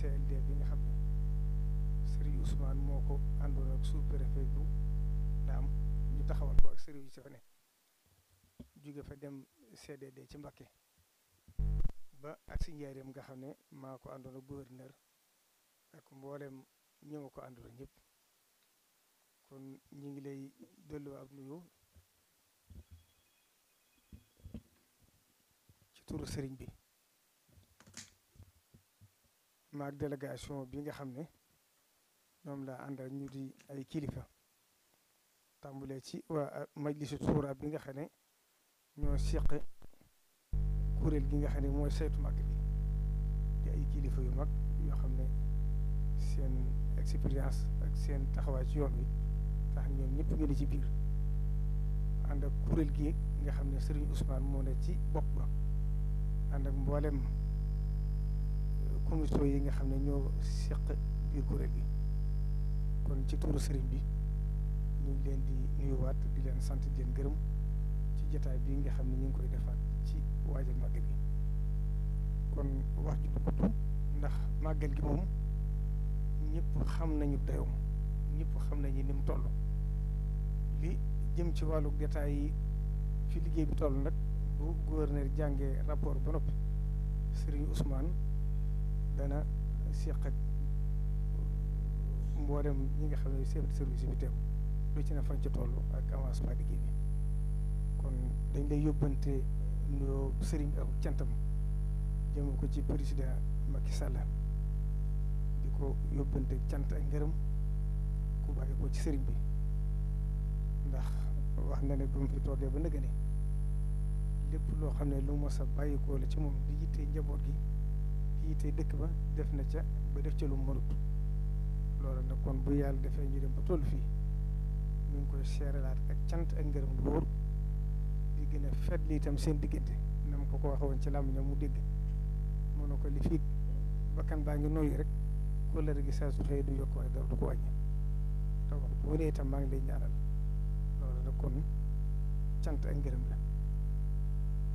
CLD bi nga xam ne Serigne Ousmane moo ko àndoon ak sous-préfet bu Ndaam ñu taxawal ko ak Serigne ci fa ne jóge fa dem CDD ci Mbakke ba ak si njaareem nga xam ne maa ko àndoon ak gouverneur ak mboolem ñi ko àndoon ñëpp kon ñu ngi lay delloo ab nuyu ci turu sëriñ bi. maak délégation bi nga xam ne ñoom laa àndal ñu di ay kilifa tàmbulee ci waa majlisu tuura bi nga xam ne ñoo seq kuréel gi nga xam ne saytu màgg bi di ay kilifa yu mag yoo xam ne expérience ak seen taxawaay ci yoon wi tax ñoom ñëpp ñu ne ci biir ànd ak kuréel gi nga xam Serigne Ousmane moo ne ci bopp ba ànd ak mboolem commission yi nga xam ne ñoo seq biir kuréel gi kon ci turu sëriñ bi ñu ngi leen di nuyuwaat di leen sant di gërëm ci jataay bii nga xam ne ñu ngi koy defaat ci waajal màggal gi kon wax ju du gudd ndax màggal gi moom ñëpp xam nañu dayoom ñëpp xam nañu ni mu toll li jëm ci wàllu détails yi fi liggéey bi toll nag bu gouverneur jàngee rapport ba noppi Serigne Ousmane dana seq ak mboolem ñi nga xam ne service bi teew lu ci na fañ ci toll ak avancement liggéey bi kon dañ lay yóbbante nuyoo sëriñ aw cantam jëme ko ci président Macky Sall di ko yóbbante cant ak ngërëm ku bàyyi ko ci sëriñ bi ndax wax na ne bu mu fi toogee ba nëgëne lépp loo xam ne lu ma a bàyyi la ci moom di yittee njaboot gi yitte dëkk ba def na ca ba def ca lu mënut loolu nag kon bu yàlla defee ñu dem ba toll fii ñu ngi koy seeralaat ak cant ak ngërëm lu wóor di gën seen diggante na ko ko waxee woon ci làmb ñoom mu dégg mu ne ko li baa ngi noyyi rek kóllëre gi saa su xëy du yokk waaye ko wàññi te wax maa ngi lay ñaanal loolu nag kon cant ak ngërëm la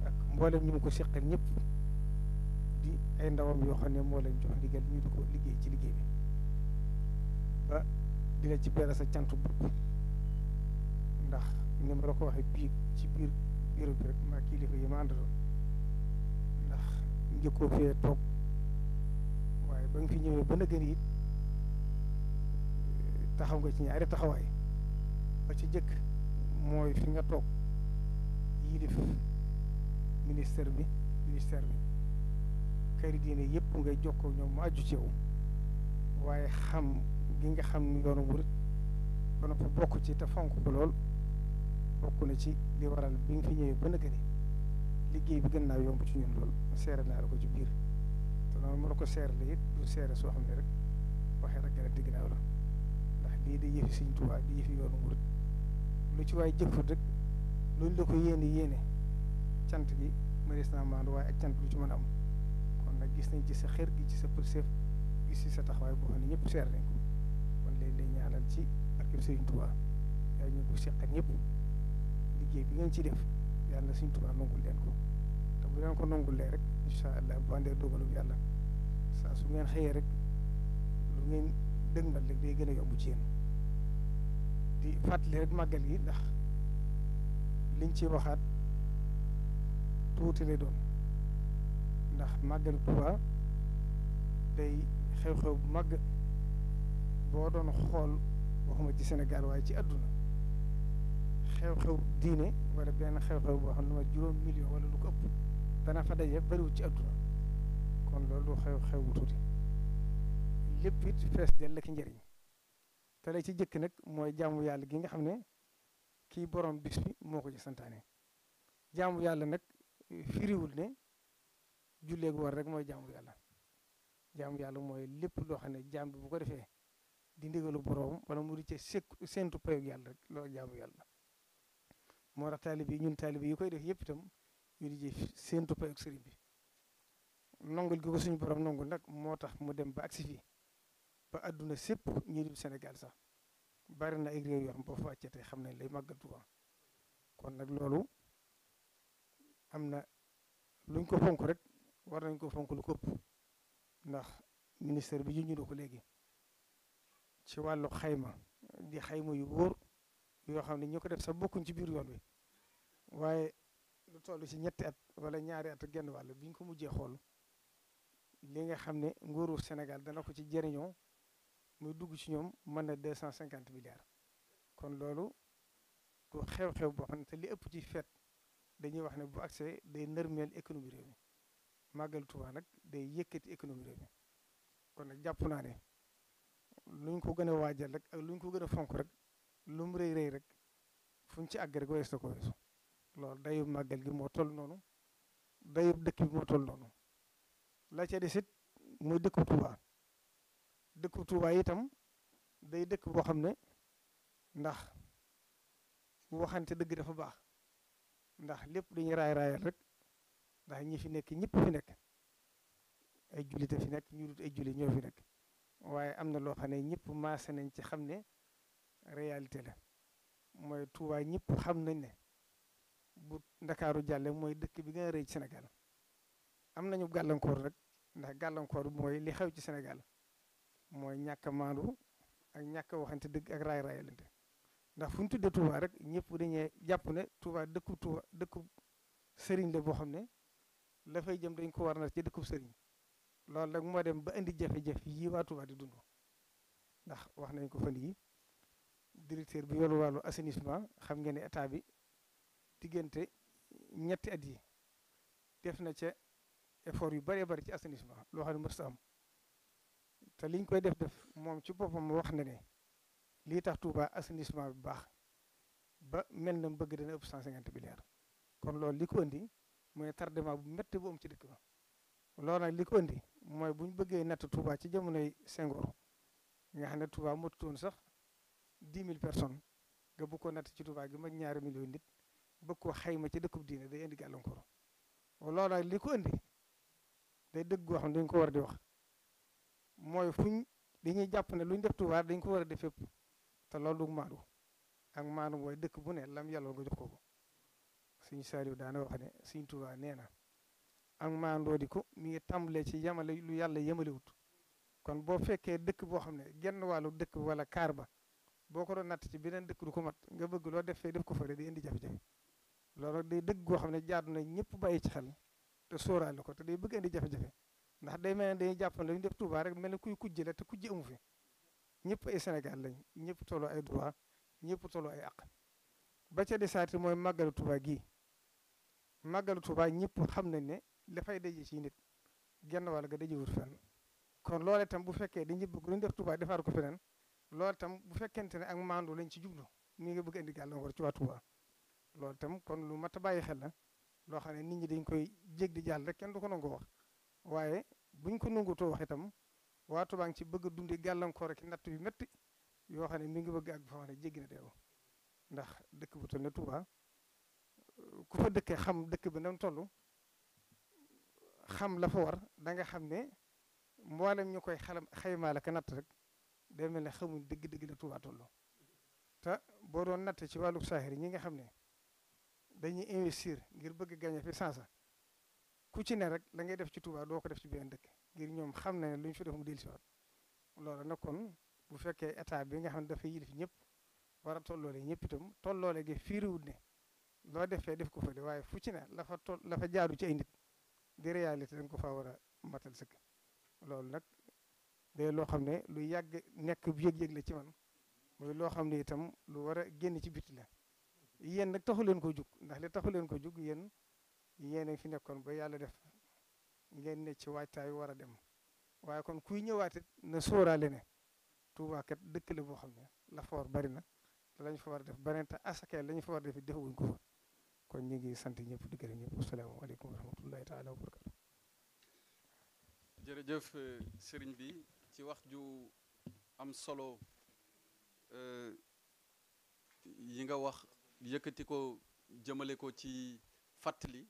ak mboolem ñu mu ko seqal ñépp di ay ndawam yoo xam ne moo leen jox ndigal ñu du ko liggéey ci liggéey bi ba di ci benn sa cantu bopp ndax ni ma la ko waxee bii ci biir bureau bi rek maa kilifa yi ma àndaloon ndax njëkkoo fee toog waaye ba nga fi ñëwee ba na gën taxaw nga ci ñaari taxawaay ba ci jëkk mooy fi nga toog yilif ministère bi ministère bi yaakaari yëpp ngay jokkoo ñoom mu aju ci yow waaye xam gi nga xam ni yoonu murit ba noppi bokk ci te fonk ko lool bokk na ci li waral bi nga fi ñëwee ba nagani liggéey bi gën naa yomb ci ñun lool seere naa la ko ci biir te noonu la ko seer la it du seere soo xam ne rek waxee rek gën a digg naaw la ndax lii de yëfi Sëñ Tuubaa di yëfi yoonu murit lu ci waaye jëfut rek loolu la ko yéene yéene cant gi mënees naa maandu waaye ak cant lu ci mën a am gis nañ ci sa xër gi ci sa pëlseef gis ci sa taxawaay boo xam ne ñëpp seer nañ ko kon léegi lay ñaanal ci barkeb Sëriñ Tuubaa yaa ñu ko seqal ñëpp liggéey bi ngeen ci def yàlla na Sëriñ Tuubaa leen ko te bu leen ko nangulee rek incha allah bu àndee dogalu yàlla saa su ngeen xëyee rek lu ngeen dëgmal rek day gën a yomb ci di fàttali rek màggal yi ndax liñ ci waxaat tuuti lay doon. ndax màggal Tuuba day xew-xew bu màgg boo doon xool waxuma ci Sénégal waaye ci àdduna xew-xew diine wala benn xew-xew boo xam nu ma juróom million wala lu ko ëpp dana fa daje bariwul ci àdduna kon loolu xew-xew bu tuuti lépp it fees dell ak njëriñ te la ci jëkk nag mooy jaamu yàlla gi nga xam ne kii borom bis bi moo ko ci santaane jaamu yàlla nag firiwul ne jullee gu war rek mooy jaamu yàlla jaamu yàlla mooy lépp loo xam ne jaam bi bu ko defee di ndigalu borom wala mu di ca sekk séntu payoog yàlla rek loolu jaamu yàlla moo tax taalib yi ñun taalib yi koy def yëpp itam ñu di jëf séntu payoog sëriñ bi nongul gi ko suñu borom nongul nag moo tax mu dem ba agsi fii ba àdduna sépp ñu di Sénégal sax bari na ay réew yoo xam boo fa wàccee tey xam nañ lay màggal Tuubaa kon nag loolu na luñ ko rek war nañ ko fonk lu këpp ndax ministère bi junj na ko léegi ci wàllu xayma di xayma yu wóor yoo xam ne ñoo ko def sa bokkuñ ci biir yoon wi waaye lu toll ci ñetti at wala ñaari at genn wàll bi ñu ko mujjee xool li nga xam ne nguuru Sénégal dana ko ci jëriñoo muy dugg ci ñoom mën na deux cent cinquante milliards kon loolu ko xew-xew boo xam ne te li ëpp ci fet dañuy wax ne bu accès day nërmeel économie réew mi màggal Tuubaa nag day yëkkati économie réew mi kon nag jàpp naa ne luñ ko gën a waajal rek ak luñ ko gën a fonk rek lu mu rëy rëy rek fuñ ci àgg rek wees loolu dayub màggal gi moo toll noonu dayub dëkk bi moo toll noonu la ca des it muy dëkku Tuubaa dëkku Tuubaa itam day dëkk boo xam ne ndax waxante dëgg dafa baax ndax lépp dañuy raay raayal rek ndax ñi fi nekk ñëpp fi nekk ay jullit fi nekk ñu dut ay jullit ñoo fi nekk waaye am na loo xam ne ñëpp maase nañ ci xam ne réalité la mooy Touba ñëpp xam nañ ne bu Ndakaaru jàlle mooy dëkk bi gën a rëy ci Sénégal am nañu gàllankoor rek ndax gàllankoor mooy li xew ci Sénégal mooy ñàkk a maandu ak ñàkk a waxante dëgg ak raay raayalante ndax fu ñu tuddee Touba rek ñëpp dañuy jàpp ne Touba dëkku Touba dëkku sëriñ la boo xam ne la jëm dañ ko war na ci dëkkub sëriñ loolu nag moo dem ba indi jafe-jafe yi waa Touba di dund ndax wax nañ ko fan yi directeur bi yoru wàllu assainissement xam ngeen ne état bi diggante ñetti at yi def na ca effort yu baree bëri ci assainissement loo xam ne mës am te liñ koy def def moom ci boppam wax na ne lii tax tuubaa assainissement bi baax ba mel na bëgg dana ëpp 150 milliards kon loolu li ko indi mooy tardement bu métti bu am ci dëkk ba loolu nag li ko indi mooy bu ñu bëggee natt Touba ci jamonoy Senghor nga xam ne Touba motutoon sax dix mille personnes nga bëgg natt ci Touba gi mag ñaari millions nit bëgg ko xayma ci dëkkub diine day indi gàllankoor loolu nag li ko indi day dëgg goo xam ne dañu ko war di wax mooy fuñ dañuy jàpp ne lu ñu def Touba dañ ko war a def te loolu du maandu ak maandu mooy dëkk bu ne lam yàlla nga jox ko ko suñu saaliw daana wax ne suñ Tuubaa nee na ak maandoo di ko mi ngi tàmbalee ci yamale lu yàlla wut kon boo fekkee dëkk boo xam ne genn wàllu dëkk wala kaar ba boo ko doon natt ci beneen dëkk du ko mat nga bëgg loo def fee def ko fële di indi jafe-jafe loolu nag day dëgg goo xam ne jaadu na ñëpp bàyyi ci xel te sóoraale ko te day bëgg indi jafe ndax day mel ne dañuy jàpp ne lu ñu rek mel ne kuy kujje la te kujje amu fi ñëpp ay Sénégal lañ ñëpp tolloo ay droit ñëpp tolloo ay àq ba ca desaati mooy màggalu Tuubaa gii màggalu Tuubaa ñëpp xam nañ ne dafay daje ci nit genn wàll ga dajewut fenn kon loole itam bu fekkee dañuy bëgg lu ñu def Tuubaa defar ko feneen loolu itam bu fekkente ne ak maandu lañ ci jublu mi nga bëgg indi gàllankoor ci waa Tuubaa loolu itam kon lu mat a bàyyi xel la loo xam ne nit ñi dañ koy jég di jàll rek kenn du ko nangoo wax waaye buñ ko nangutoo wax itam waa Tuubaa ngi ci bëgg a dundee gàllankoor ak natt yu métti yoo xam ne mi ngi bëgg ak fa xam na deew ndax dëkk bu na tubaa ku fa dëkkee xam dëkk bi nam toll xam la fa war da nga xam ne mboolem ñu koy xalam xaymaale ka natt rek day mel ne xamuñ dëgg-dëgg la Tuubaa toll te boo doon natt ci wàllu saaxir yi ñi nga xam ne dañuy investir ngir bëgg gañe fi sansa ku ci ne rek la ngay def ci Tuubaa doo ko def ci benn dëkk ngir ñoom xam na ne lu ñu fi def mu dellusiwaat loolu nag kon bu fekkee état bi nga xam ne dafa yilif ñëpp war a tolloole ñëpp itam tolloole gi fiiriwut ne loo def fee def ko fële waaye fu ci ne la fa toll la jaaru ci ay nit di réalité da nga ko fa war a matal sëkk loolu nag day loo xam ne lu yàgg nekk bu yëg-yëg la ci man mooy loo xam ne itam lu war a génn ci biti la yéen nag taxu leen ko jug ndax li taxu leen ko jug yéen yéen fi nekkoon ba yàlla def ngeen ne ci waajtaay war a dem waaye kon kuy ñëwaat na sooraale ne Tuubaa dëkk la boo xam ne la foor bari na lañ fa war a def beneen te asakay lañ fa war a def defuñ ko fa kon ñu ngi sant ñëpp di gërëm ñëpp asalaamaaleykum wa rahmatullahi taala wa barakatu jërëjëf euh, bi ci wax ju am solo euh, yi nga wax yëkkati ko jëmale ko ci fàttali